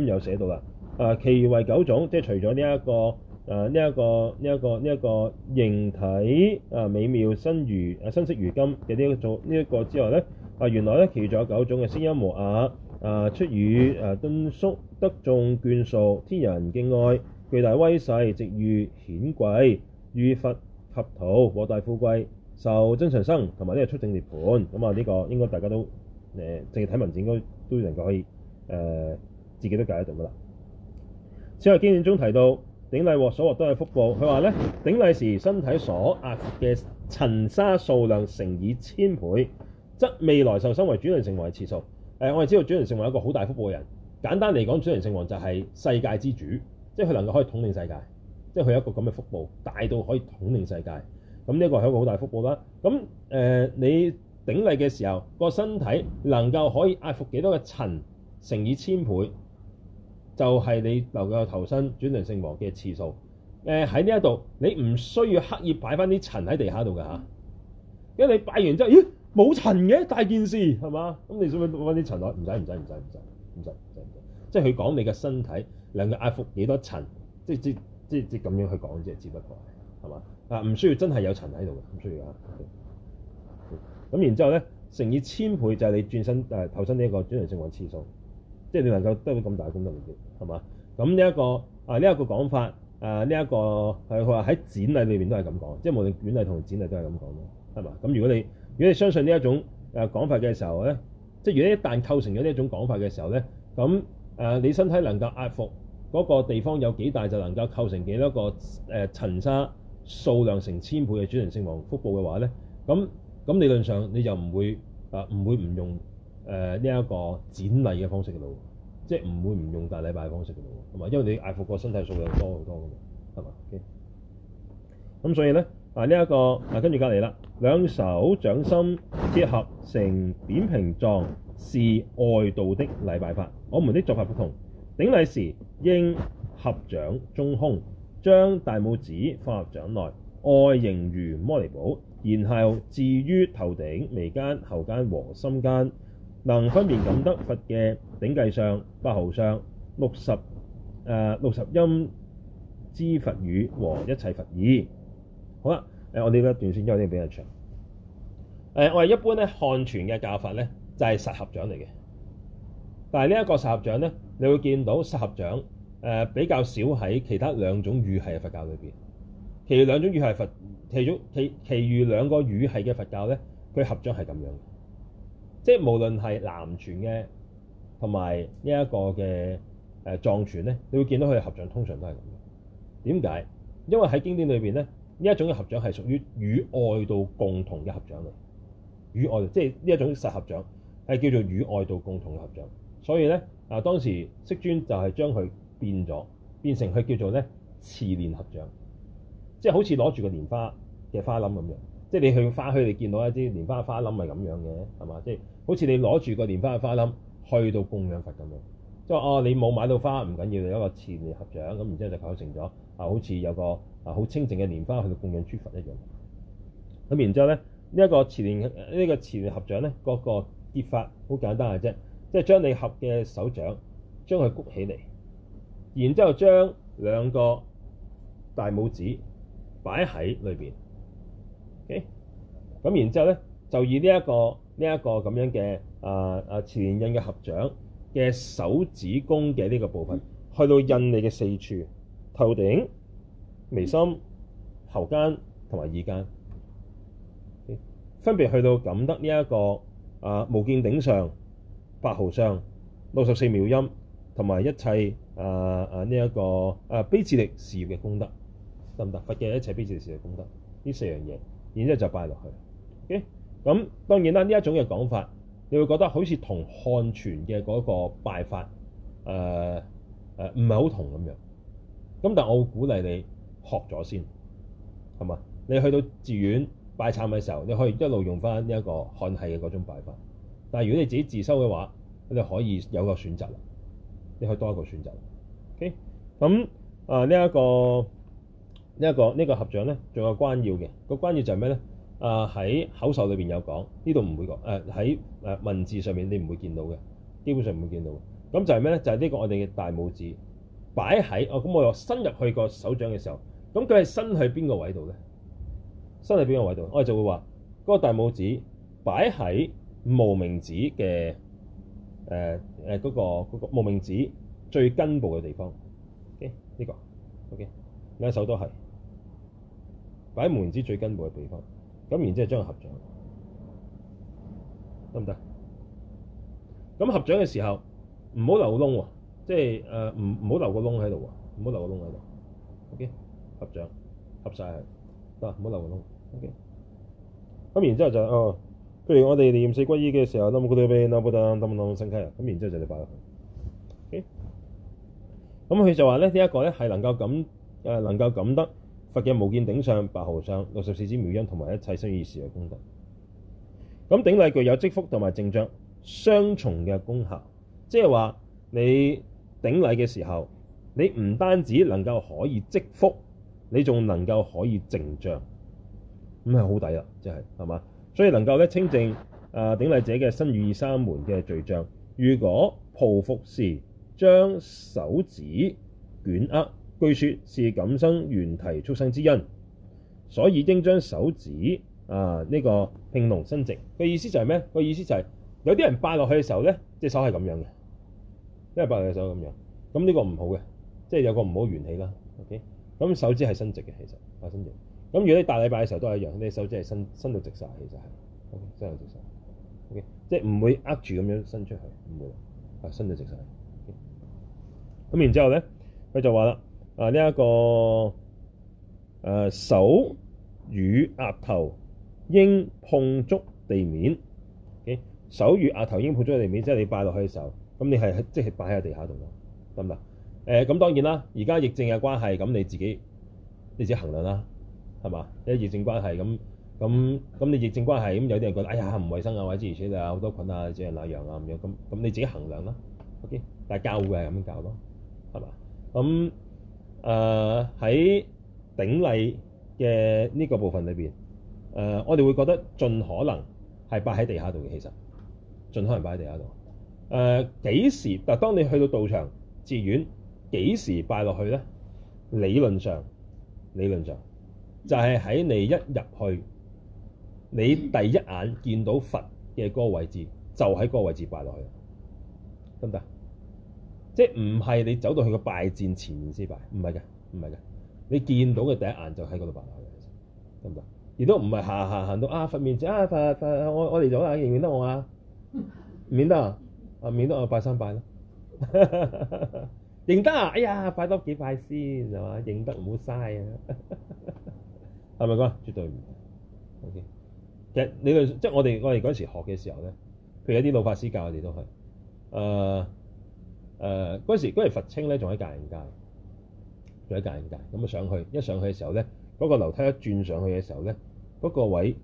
咁又寫到啦。誒、啊、其餘為九種即係除咗呢一個誒呢一個呢一、這個呢一、這個形體啊美妙，身如啊身色如金嘅呢一個呢一、這個之外咧，啊原來咧佢仲有九種嘅聲音和雅、啊出語啊敦肅、得眾眷屬、天人敬愛、巨大威勢、值遇顯貴、遇佛合土、獲大富貴受曾常生同埋呢個出政列盤，咁啊呢個應該大家都誒淨係睇文字應該，應該都能夠可以誒、呃、自己都解得到噶啦。此外經典中提到頂禮獲所獲都係福報。佢話咧頂禮時身體所壓嘅塵沙數量乘以千倍，則未來受生為轉輪聖王嘅次數、呃。我哋知道轉輪聖王係一個好大福報嘅人。簡單嚟講，轉輪聖王就係世界之主，即係佢能夠可以統領世界，即係佢有一個咁嘅福報，大到可以統領世界。咁呢個係一個好大福報啦。咁、呃、你頂禮嘅時候，個身體能夠可以壓服幾多嘅塵乘以千倍，就係、是、你能夠投身轉輪聖王嘅次數。誒、喺呢一度，你唔需要刻意擺翻啲塵喺地下度㗎。嚇、啊。因為你拜完之後，咦冇塵嘅大件事係嘛？咁你想揾翻啲塵落？唔使唔使唔使唔使唔使唔使，即係佢講你嘅身體能夠壓服幾多塵，即係即即即咁樣去講啫，只不過。係嘛？啊，唔需要真係有塵喺度嘅，唔需要啊。咁、嗯、然之後咧，乘以千倍就係你轉身誒、啊、投身呢一個轉輪王嘅次數，即、就、係、是、你能夠得到咁大嘅功德力。係嘛？咁呢一個啊呢一、這個講法誒呢一個係佢話喺展禮裏面都係咁講，即、就、係、是、無論蜷禮同展禮都係咁講嘅，係嘛？咁如果你如果你相信呢一種誒、啊、講法嘅時候咧，即、就、係、是、如果一旦構成咗呢一種講法嘅時候咧，咁誒、啊、你身體能夠壓服嗰個地方有幾大，就能夠構成幾多個誒、呃、塵沙，數量成千倍嘅轉輪聖王福報嘅話咧，咁咁理論上你就唔會誒唔、啊、會唔用誒呢一個展禮嘅方式嘅咯，即係唔會唔用大禮拜嘅方式嘅咯，同埋因為你艾佛哥身體數量多好多嘅嘛，係嘛？咁、okay. 嗯、所以咧，啊呢一、這個啊跟住隔籬啦，兩手掌心結合成扁平狀，是外道的禮拜法。我們的做法不同，頂禮時應合掌中空，將大拇指放入掌內，外形如摩尼寶，然後置於頭頂、眉間、喉間和心間，能分別感得佛嘅頂髻相、白毫相、六十誒、呃、六十音支佛語和一切智佛意。咦？好啦，誒我哋呢一段先，因為呢邊比較長。誒、呃、我哋一般咧漢傳嘅教法咧就係、是、實合掌嚟嘅，但係呢一個實合掌咧，你會見到實合掌。誒、呃、比較少喺其他兩種語系嘅佛教裏邊，其他兩種語系佛，其中其其餘兩個語系嘅佛教咧，佢合掌係咁樣嘅，即係無論係南傳嘅同埋呢一個嘅誒、呃、藏傳咧，你會見到佢嘅合掌通常都係咁。點解？因為喺經典裏邊咧，呢一種嘅合掌係屬於與外道共同嘅合掌嚟，與外道即係呢一種實合掌係叫做與外道共同嘅合掌。所以咧啊，當時釋尊就係將佢。變咗變成佢叫做咧持蓮合掌，即係好似攞住個蓮花嘅花冧咁樣。即係你去你花墟，你見到一啲蓮花嘅花冧係咁樣嘅，係嘛？即係好似你攞住個蓮花嘅花冧去到供養佛咁樣。即係哦，你冇買到花唔緊要，有一個持蓮合掌咁，然之後就搞成咗啊，好似有個啊好清淨嘅蓮花去到供養諸佛一樣。咁，然之後咧呢一個持蓮呢個持蓮合掌咧，個個結法好簡單嘅啫，即係將你合嘅手掌將佢曲起嚟。然之後將兩個大拇指擺喺裏邊，咁、okay? 然之後咧，就以呢、這、一個呢一、這個咁樣嘅啊啊前印嘅合掌嘅手指公嘅呢個部分，去到印你嘅四處頭頂、眉心、喉間同埋耳間，okay? 分別去到感得呢一個啊、呃、無見頂相、白毫相、六十四妙音。同埋一切、呃、啊啊呢一個啊、呃、悲智力事業嘅功德得唔得？佛嘅一切卑智力事業功德呢四樣嘢，然之後就拜落去咁、嗯、當然啦，呢一種嘅講法，你會覺得好似同漢傳嘅嗰個拜法誒唔係好同咁樣。咁但我會鼓勵你學咗先係嘛。你去到寺院拜懺嘅時候，你可以一路用翻呢一個漢系嘅嗰種拜法。但如果你自己自修嘅話，你就可以有個選擇。你可以多一個選擇。OK，咁、嗯、啊呢一、這個呢一、這個呢、這個合掌咧，仲有關要嘅個關要就係咩咧？啊喺口授裏邊有講，呢度唔會講。誒喺誒文字上面你唔會見到嘅，基本上唔會見到。咁就係咩咧？就係、是、呢個我哋嘅大拇指擺喺哦。咁我又伸入去個手掌嘅時候，咁佢係伸去邊個位度咧？伸去邊個位度？我哋就會話嗰、那個大拇指擺喺無名指嘅誒。呃誒嗰個嗰個無名指最根部嘅地方，OK 呢個 OK 兩手都係擺喺無名指最根部嘅地方，咁然之後將佢合掌得唔得？咁合掌嘅時候唔好留窿喎，即係誒唔唔好留個窿喺度喎，唔好留個窿喺度。OK 合掌合晒，得唔好留個窿。OK 咁然之後就哦。呃譬如我哋念四骨醫嘅時候，唸骨頭邊唸布登，唸唸唸聲偈啊，咁然之後就嚟拜啦。咁、okay? 佢就話咧，呢、這、一個咧係能夠感誒，能夠感得佛嘅無見頂上白毫相六十四支妙音同埋一切生滅時嘅功德。咁頂禮具有積福同埋淨障雙重嘅功效，即係話你頂禮嘅時候，你唔單止能夠可以積福，你仲能夠可以淨障，咁係好抵啦，即係係嘛。所以能夠咧清淨啊頂禮者嘅身語意三門嘅罪障。如果匍匐時將手指捲握，據說是感生圓蹄畜生之因，所以應將手指啊呢、這個輕鬆伸直。個意思就係咩？個意思就係、是、有啲人拜落去嘅時候咧，隻手係咁樣嘅，因為拜嘅手咁樣。咁呢個唔好嘅，即係有個唔好元氣啦。OK，咁手指係伸直嘅，其實啊伸咁如果你大禮拜嘅時候都係一樣，你隻手即係伸伸到直晒，其實係 OK 伸到直晒，OK，即係唔會握住咁樣伸出去，唔會啊伸到直晒。咁、OK? 然之後咧，佢就話啦：啊呢一、這個誒、呃、手與額頭應碰觸地面。OK? 手與額頭應碰觸地面，即、就、係、是、你拜落去嘅時候，咁你係即係擺喺地下度，得唔得？誒、呃、咁當然啦，而家疫症嘅關係，咁你自己你自己衡量啦。係嘛？一性關係咁咁咁，你性關係咁，有啲人覺得哎呀唔衛生啊，或者而且啊好多菌啊，即係那樣啊，咁樣咁咁你自己衡量啦。O、OK? K，但係教會係咁樣教咯，係嘛？咁誒喺頂禮嘅呢個部分裏邊誒、呃，我哋會覺得盡可能係拜喺地下度嘅。其實盡可能拜喺地下度誒，幾、呃、時？當你去到道場寺院，幾時拜落去咧？理論上，理論上。就係喺你一入去，你第一眼見到佛嘅嗰個位置，就喺嗰個位置拜落去，得唔得？即係唔係你走到去個拜殿前面先拜？唔係嘅，唔係嘅。你見到嘅第一眼就喺嗰度拜落去，得唔得？亦都唔係行行行到啊佛面前啊佛，我我嚟咗啦，認唔認得我啊？唔認得我啊？啊認得啊？拜三拜啦！ 認得啊？哎呀，拜多幾拜先係嘛？認得唔好嘥啊！ 係咪講？絕對唔 OK。其實你哋即係我哋，我哋嗰陣時學嘅時候咧，譬如有啲老法師教我哋都係誒誒嗰陣時，嗰陣時佛青咧仲喺戒仁界。仲喺戒仁界。咁啊。上去一上去嘅時候咧，嗰、那個樓梯一轉上去嘅時候咧，嗰、那個位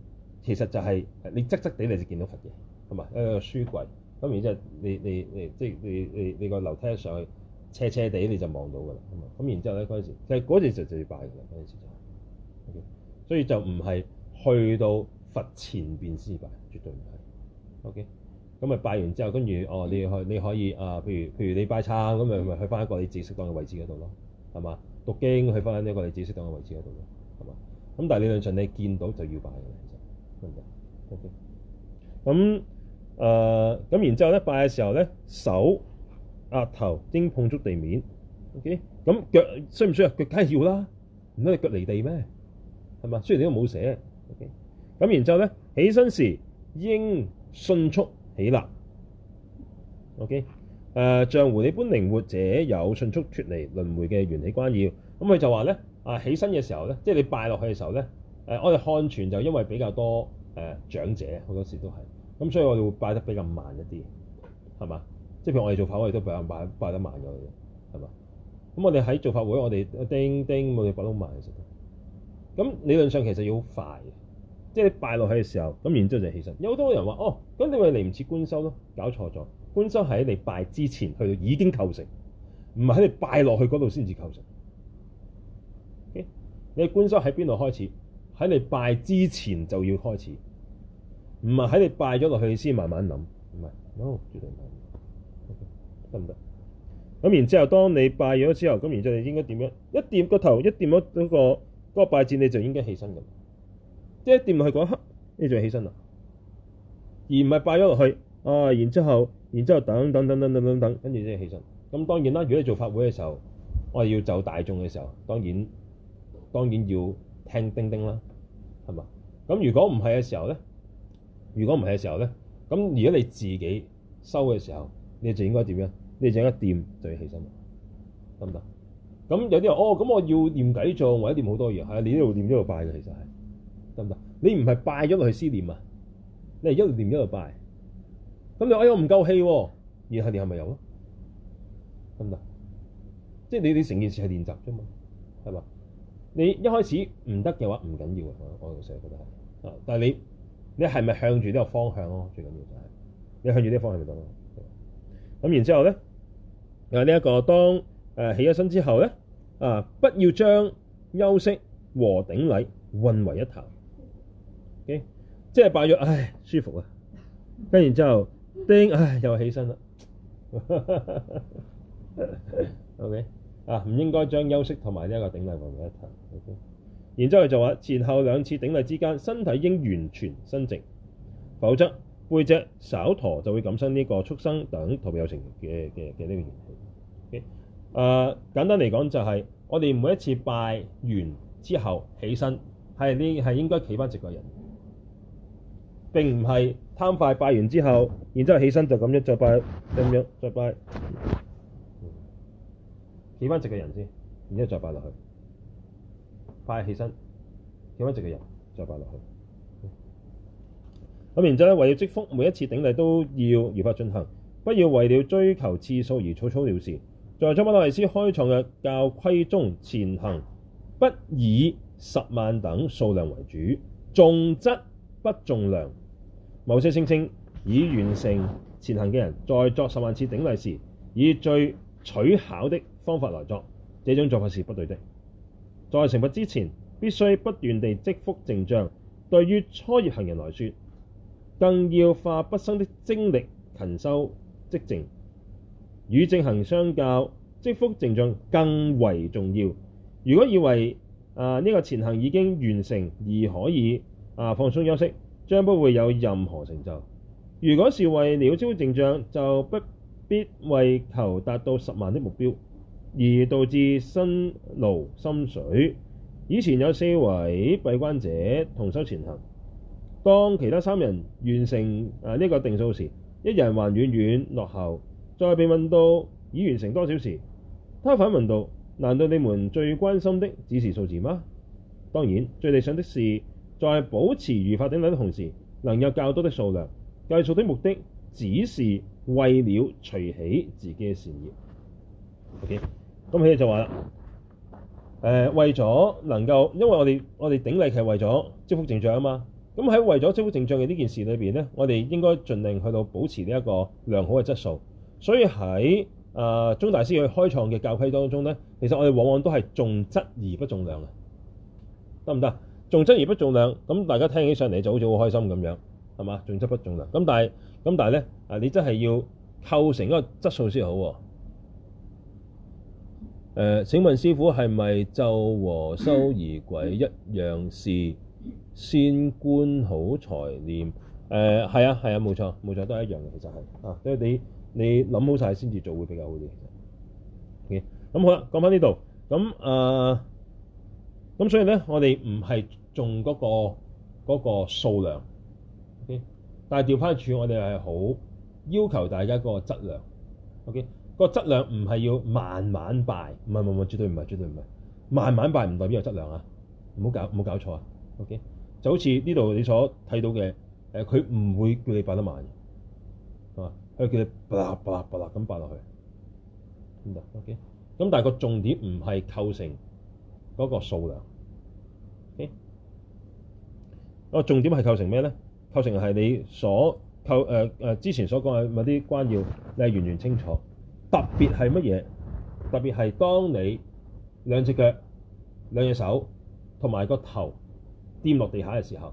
其實就係、是、你側側地你就見到佛嘅，係嘛一個書櫃。咁然之後你，你你、就是、你即你你你個樓梯一上去斜斜地你就望到㗎啦，咁咁然之後咧嗰陣時就嗰陣時就就要拜㗎啦，嗰陣時就 OK。所以就唔係去到佛前邊先拜，絕對唔係。O K. 咁咪拜完之後，跟住哦，你去你可以啊、呃，譬如譬如你拜餐，咁咪咪去翻一個你自己適當嘅位置嗰度咯，係嘛？讀經去翻一個你自己適當嘅位置嗰度咯，係嘛？咁但係理論上你見到就要拜嘅，其實真嘅。咁誒咁，呃、然之後咧拜嘅時候咧手、額頭應碰觸地面。O K. 咁腳需唔需要？腳梗係要啦，唔通你腳離地咩？係嘛？雖然你都冇寫，OK，咁然之後咧，起身時應迅速起立，OK，誒、呃、像狐狸般靈活者有迅速脫離輪迴嘅緣起關要。咁佢就話咧，啊起身嘅時候咧，即係你拜落去嘅時候咧，誒、呃、我哋漢傳就因為比較多誒、呃、長者，好多時都係，咁所以我哋會拜得比較慢一啲，係嘛？即係譬如我哋做，做法會，我哋都比較拜拜得慢嘅，係嘛？咁我哋喺做法會，我哋叮叮我哋拜得好慢嘅。咁理論上其實要好快嘅，即係你拜落去嘅時候，咁然之後就起身。有好多人話：哦，咁你咪嚟唔切觀修咯，搞錯咗。觀修係喺你拜之前去到已經構成，唔係喺你拜落去嗰度先至構成。Okay? 你觀修喺邊度開始？喺你拜之前就要開始，唔係喺你拜咗落去先慢慢諗。唔係，no，絕對唔得。得唔得？咁然後當你了之後，當你拜咗之後，咁然之後你應該點樣？一掂個頭，一掂咗嗰個、那個嗰個拜節你就應該起身㗎，即係掂入去嗰一刻，你就要起身啦，而唔係拜咗落去啊，然之後，然之後等等等等等等，跟住先起身。咁當然啦，如果你做法會嘅時候，我哋要就大眾嘅時候，當然當然要聽叮叮啦，係嘛？咁如果唔係嘅時候咧，如果唔係嘅時候咧，咁如果你自己收嘅時候，你就應該點樣？你就一掂就要起身啦，得唔得？咁有啲人哦，咁我要念偈做或者念好多嘢，係啊，你一路念一路拜嘅，其實係得唔得？你唔係拜咗佢思念、哎、啊？你係一路念一路拜，咁你哎我唔夠氣喎，然後你係咪有咯？得唔得？即係你哋成件事係練習啫嘛，係嘛？你一開始唔得嘅話唔緊要啊，我我成日覺得係啊，但你你係咪向住呢個方向咯、啊？最緊要就係你向住呢個方向嚟得咯。咁、嗯、然之後咧，啊呢一個當起咗身之後咧。啊！不要將休息和頂禮混為一談。Okay? 即係拜咗，唉，舒服啊。跟然之後，叮，唉，又起身啦。 o、okay? K，啊，唔應該將休息同埋呢個頂禮混為一談。O、okay? K，然之後就話，前後兩次頂禮之間，身體應完全伸直，否則背脊稍駝就會感生呢個畜生等同有情嘅嘅嘅呢個誒、uh, 簡單嚟講、就是，就係我哋每一次拜完之後起身，係你係應該企翻直嘅人，並唔係貪快拜完之後，然之後起身就咁樣再拜咁樣再拜，企翻直嘅人先，然之後再拜落去，拜起身，企翻直嘅人再拜落去。咁、嗯、然之後咧，為了積福，每一次頂禮都要如法進行，不要為了追求次數而草草了事。在宗喀巴大師開創嘅教規中，前行不以十萬等數量為主，重質不重量。某些聲稱已完成前行嘅人，在作十萬次頂禮時，以最取巧的方法來作，這種做法是不對的。在成佛之前，必須不斷地積福淨障。對於初業行人來說，更要化畢生的精力勤修積淨。與正行相較，積福淨障更為重要。如果以為啊呢、這個前行已經完成而可以啊放鬆休息，將不會有任何成就。如果是為了超淨障，就不必為求達到十萬的目標而導致辛勞心水。以前有四位閉關者同修前行，當其他三人完成啊呢、這個定數時，一人還遠遠落後。再被問到已完成多少時，他反問道：難道你們最關心的只是數字嗎？當然，最理想的是在保持如法頂禮的同時，能有較多的數量。計數的目的只是為了隨喜自己嘅善業。O.K.，咁佢就話啦：誒、呃，為咗能夠，因為我哋我哋頂禮係為咗招福淨障啊嘛。咁喺為咗招福淨障嘅呢件事裏邊咧，我哋應該盡量去到保持呢一個良好嘅質素。所以喺啊、呃，宗大師去開創嘅教規當中咧，其實我哋往往都係重質而不重量啊，得唔得？重質而不重量，咁大家聽起上嚟就好似好開心咁樣，係嘛？重質不重量，咁但係咁但係咧啊，你真係要構成一個質素先好喎、啊。誒、呃，請問師傅係咪就和修儀軌一樣是先觀好財念？誒、呃，係啊，係啊，冇錯冇錯，都係一樣嘅，其實係啊，即係你。你諗好晒先至做會比較好啲。OK，咁好啦，講翻呢度。咁咁所以咧，呃、我哋唔係重嗰個嗰、嗰個數量。OK，但係調翻轉，我哋係好要求大家嗰個質量。OK，個質量唔係要慢慢拜，唔係唔係絕對唔係絕對唔係，慢慢拜唔代表有質量啊！唔好搞唔好搞錯啊。OK，就好似呢度你所睇到嘅，佢、呃、唔會叫你拜得慢。佢叫你噗嚓噗嚓噗嚓，巴拉巴咁擺落去，O K，咁但係個重點唔係構成嗰個數量，O K，個重點係構成咩咧？構成係你所構誒誒、呃、之前所講嘅某啲關要，你係完全清楚。特別係乜嘢？特別係當你兩隻腳、兩隻手同埋個頭掂落地下嘅時候，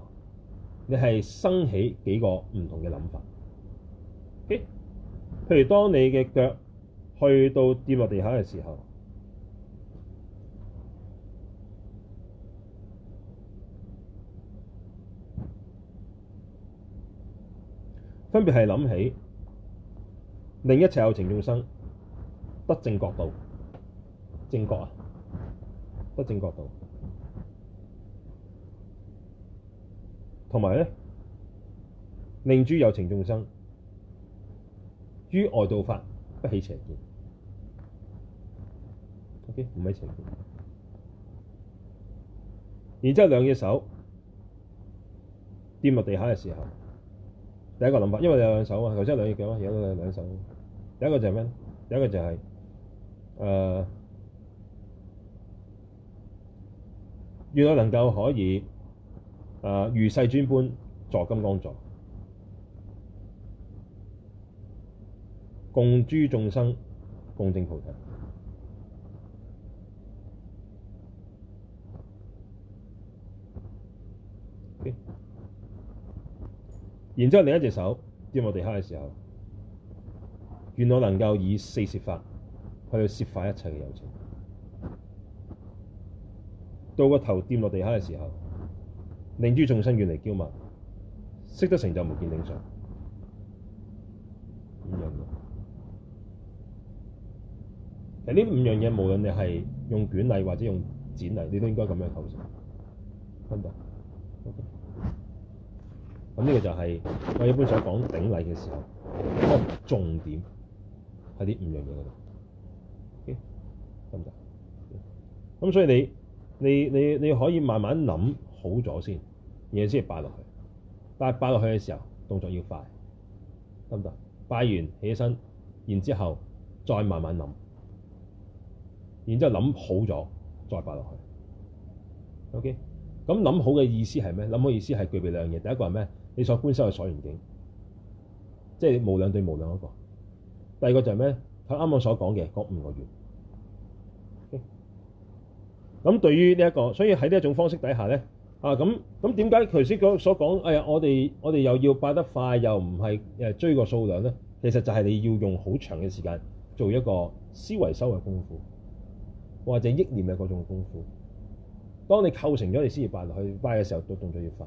你係生起幾個唔同嘅諗法，OK？譬如當你嘅腳去到跌落地下嘅時候，分別係諗起另一切有情眾生，不正覺道，正覺啊，不正覺道，同埋咧，令諸有情眾生。於外道法不起邪見，OK，唔起邪見。然之後兩隻手掂落地下嘅時候，第一個諗法，因為有兩手啊，頭先有兩隻腳啊，而家有兩手。第一個就係咩？第一個就係誒，願我能夠可以誒如世尊般坐金剛座。共諸眾生共證菩提。Okay. 然之後另一隻手掂落地下嘅時候，願我能夠以四攝法去攝化一切嘅有情。到個頭掂落地下嘅時候，令諸眾生遠離嬌物，識得成就無見頂上。嗯嗯呢五樣嘢，無論你係用蜷禮或者用展禮，你都應該咁樣構成，得唔得？OK。咁呢個就係我一般想講頂禮嘅時候，個重點係呢五樣嘢嗰度。得唔得？咁、okay. 所以你你你你可以慢慢諗好咗先，然後先至拜落去。但拜拜落去嘅時候動作要快，得唔得？拜完起身，然之後再慢慢諗。然之後諗好咗再擺落去。OK，咁諗好嘅意思係咩？諗好意思係具備兩嘢。第一個係咩？你所觀修嘅所緣境，即係無量對無量嗰個。第二個就係咩咧？佢啱我所講嘅嗰五個月。咁、okay? 對於呢一個，所以喺呢一種方式底下咧啊，咁咁點解頭先所講？哎我哋我哋又要擺得快，又唔係誒追個數量咧。其實就係你要用好長嘅時間做一個思維修嘅功夫。或者憶念嘅嗰種功夫，當你構成咗你先至拜落去拜嘅時候，都動作要快。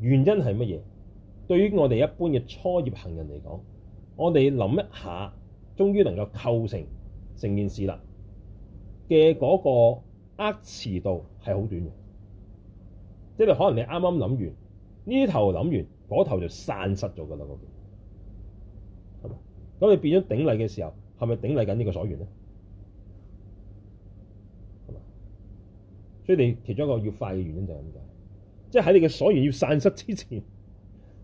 原因係乜嘢？對於我哋一般嘅初業行人嚟講，我哋諗一下，終於能夠構成成件事啦嘅嗰個呃時度係好短嘅，即係可能你啱啱諗完呢頭諗完，嗰頭，頭就散失咗㗎啦嗰邊，係嘛？咁你變咗頂禮嘅時候，係咪頂禮緊呢個所緣咧？所以，你其中一個要快嘅原因就係咁解，即係喺你嘅所緣要散失之前，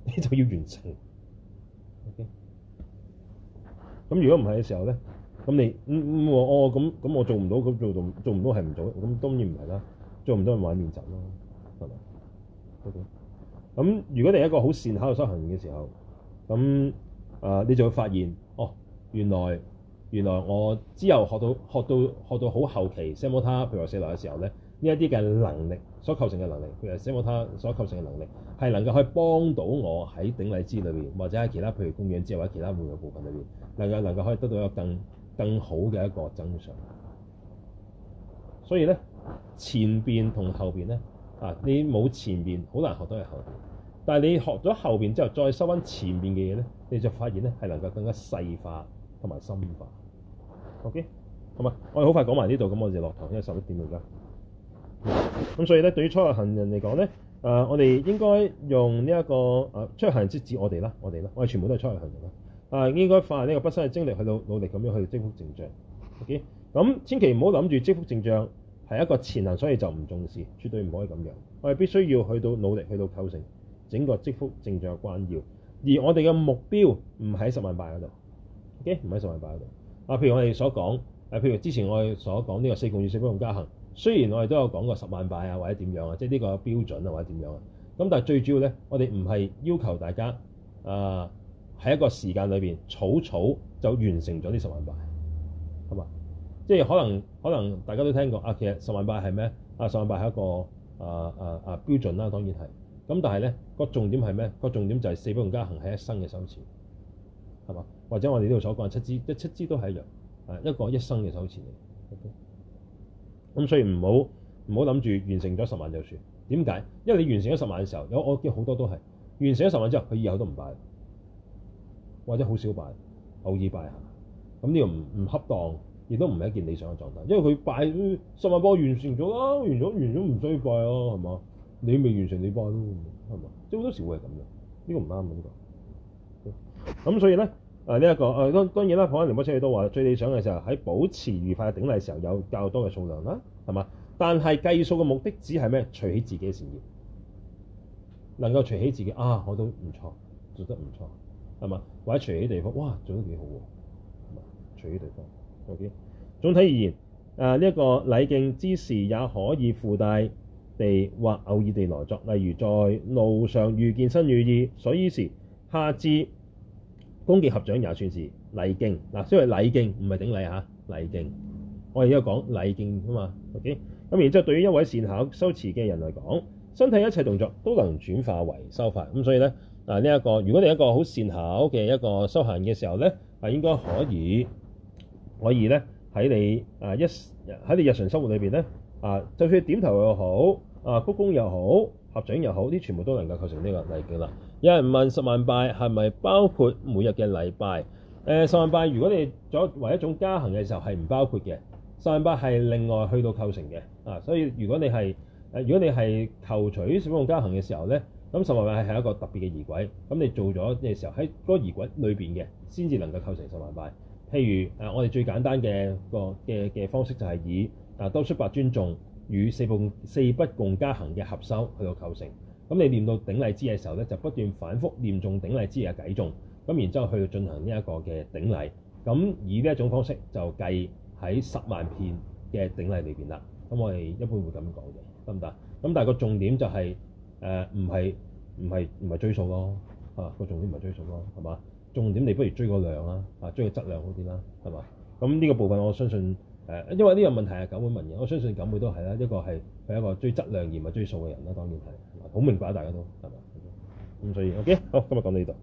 你就要完成。咁、okay? 如果唔係嘅時候咧，咁你嗯嗯我哦咁咁、哦、我做唔到，咁做做不到是不做，唔到係唔做，咁當然唔係啦，做唔到咪玩練習咯，係咪？好嘅。咁如果你係一個好善巧嘅修行嘅時候，咁誒、呃、你就會發現，哦原來原來我之後學到學到學到好後期 samatha 譬如話四流嘅時候咧。呢一啲嘅能力所構成嘅能力，佢係奢摩他所構成嘅能力，係能夠可以幫到我喺頂禮支裏邊，或者喺其他譬如供養支，或者其他每個部分裏邊，能夠能夠可以得到一個更更好嘅一個增長。所以咧，前邊同後邊咧啊，你冇前邊好難學到嘅後邊，但係你學咗後邊之後，再收翻前面嘅嘢咧，你就發現咧係能夠更加細化同埋深化。OK，好埋我哋好快講埋呢度，咁我哋落堂，因為十一點而家。咁、嗯、所以咧，對於初業行人嚟講咧，誒、呃，我哋應該用呢、這、一個誒，出、呃、行人即指我哋啦，我哋啦，我哋全部都係初業行人啦。誒、呃，應該花呢個畢生嘅精力去到努力咁樣去到積福淨障。O K，咁千祈唔好諗住積福淨障係一個前行，所以就唔重視，絕對唔可以咁樣。我哋必須要去到努力，去到構成整個積福淨障嘅關要。而我哋嘅目標唔喺十萬拜度。O K，唔喺十萬拜度。啊，譬如我哋所講，誒、啊，譬如之前我哋所講呢個四共與四不共加行。雖然我哋都有講過十萬拜啊，或者點樣啊，即係呢個標準啊，或者點樣啊。咁但係最主要咧，我哋唔係要求大家啊，喺、呃、一個時間裏邊草草就完成咗呢十萬拜，係嘛？即係可能可能大家都聽過啊，其實十萬拜係咩啊？十萬拜係一個啊啊啊標準啦、啊，當然係。咁但係咧、個重點係咩？個重點就係四保五加行係一生嘅修持，係嘛？或者我哋呢度所講七支，即係七支都係一樣，係一個一生嘅修持嚟。咁所以唔好唔好諗住完成咗十萬就算，點解？因為你完成咗十萬嘅時候，有我見好多都係完成咗十萬之後，佢以後都唔拜，或者好少拜，偶爾拜下。咁呢個唔唔恰當，亦都唔係一件理想嘅狀態，因為佢拜，十萬波完成咗啦，完咗完咗唔需要拜咯，係嘛？你未完成你拜咯，係嘛？即係好多時會係咁樣，呢、呢個唔啱嘅呢個。咁所以咧。誒呢一個誒、啊，當當然啦，普安仁波車佢都話，最理想嘅時候喺保持愉快嘅頂禮時候有較多嘅數量啦，係嘛？但係計數嘅目的只係咩？隨喜自己嘅善業，能夠隨喜自己啊，我都唔錯，做得唔錯，係嘛？或者隨喜地方，哇，做得幾好喎，隨喜地方。O.K. 總體而言，誒呢一個禮敬之事也可以附帶地或偶爾地來作，例如在路上遇見身語意，所依時，下至，恭敬合掌也算是禮敬嗱，因、啊、為禮敬唔係頂禮嚇、啊，禮敬，我哋依家講禮敬啊嘛，OK，咁然之後對於一位善巧修持嘅人嚟講，身體一切動作都能轉化為修法，咁所以咧嗱呢一、啊這個，如果你一個好善巧嘅一個修行嘅時候咧，啊應該可以可以咧喺你啊一喺你日常生活裏邊咧啊，就算點頭又好啊鞠躬又好合掌又好，啲全部都能夠構成呢個禮敬啦。有人問十萬拜係咪包括每日嘅禮拜？誒、呃、十萬拜如果你作為一種加行嘅時候係唔包括嘅，十萬拜係另外去到構成嘅啊。所以如果你係誒、啊、如果你係扣除四步共加行嘅時候咧，咁十萬拜係一個特別嘅儀軌。咁你做咗嘅時候喺嗰個儀軌裏邊嘅先至能夠構成十萬拜。譬如誒、啊、我哋最簡單嘅個嘅嘅方式就係以誒、啊、多出百尊重與四步四不共加行嘅合修去到構成，咁你念到頂禮支嘅時候咧，就不斷反覆念中頂禮支嘅偈頌咁然之後去進行呢一個嘅頂禮，咁以呢一種方式就計喺十萬遍嘅頂禮裏邊啦。咁我哋一般會咁講嘅，得唔得？咁但係個重點就係誒唔係唔係唔係追數咯，啊個重點唔係追數咯，係嘛？重點你不如追個量啦、啊，啊追個質量好啲啦，係嘛？咁呢個部分我相信。因為呢個問題係九妹問嘅，我相信九妹都係啦，一個係係一個追質量而唔係追數嘅人啦，當然係，好明白大家都係咪？咁所以 OK，好，今日講到呢度。